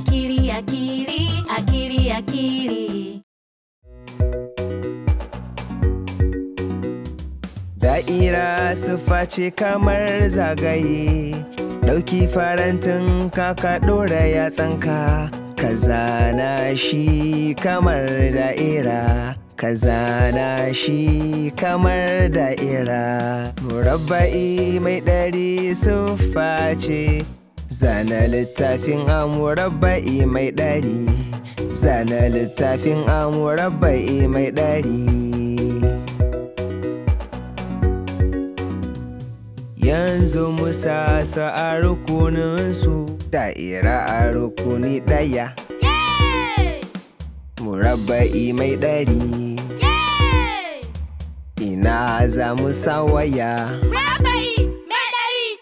akili akili akili akili da'ira su face kamar zagaye ɗauki farantin kaka ɗora tsanka ka zana shi kamar da'ira ka zana shi kamar da'ira murabba'i mai ɗari sun face. zana littafin amurabba'i mai ɗari zana littafin amurabba'i mai ɗari yanzu musa su a rukuninsu da'ira a rukuni ɗaya murabba'i mai ɗari ina za mu sa waya murabba'i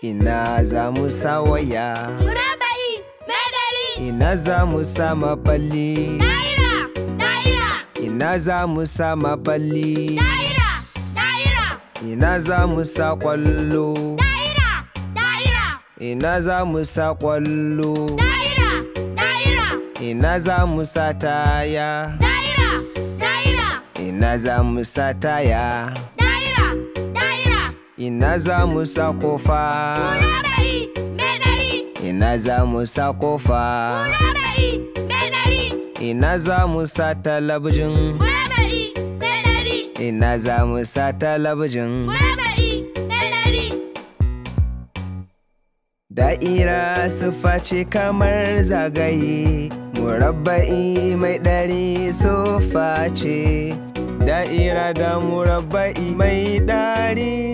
ina za mu sa waya murabai megari ina za mu sa maballi daira daira ina za mu sa maballi daira daira ina za mu sa kwallo daira daira ina za mu sa kwallo daira daira ina za mu sa taya daira daira ina za mu sa taya ina za mu sa kofa ina za mu sa kofa ina za mu sa talabijin ina za mu sa talabijin Da'ira su face kamar zagaye, murabba'i mai ɗari su face da'ira da murabba'i mai ɗari.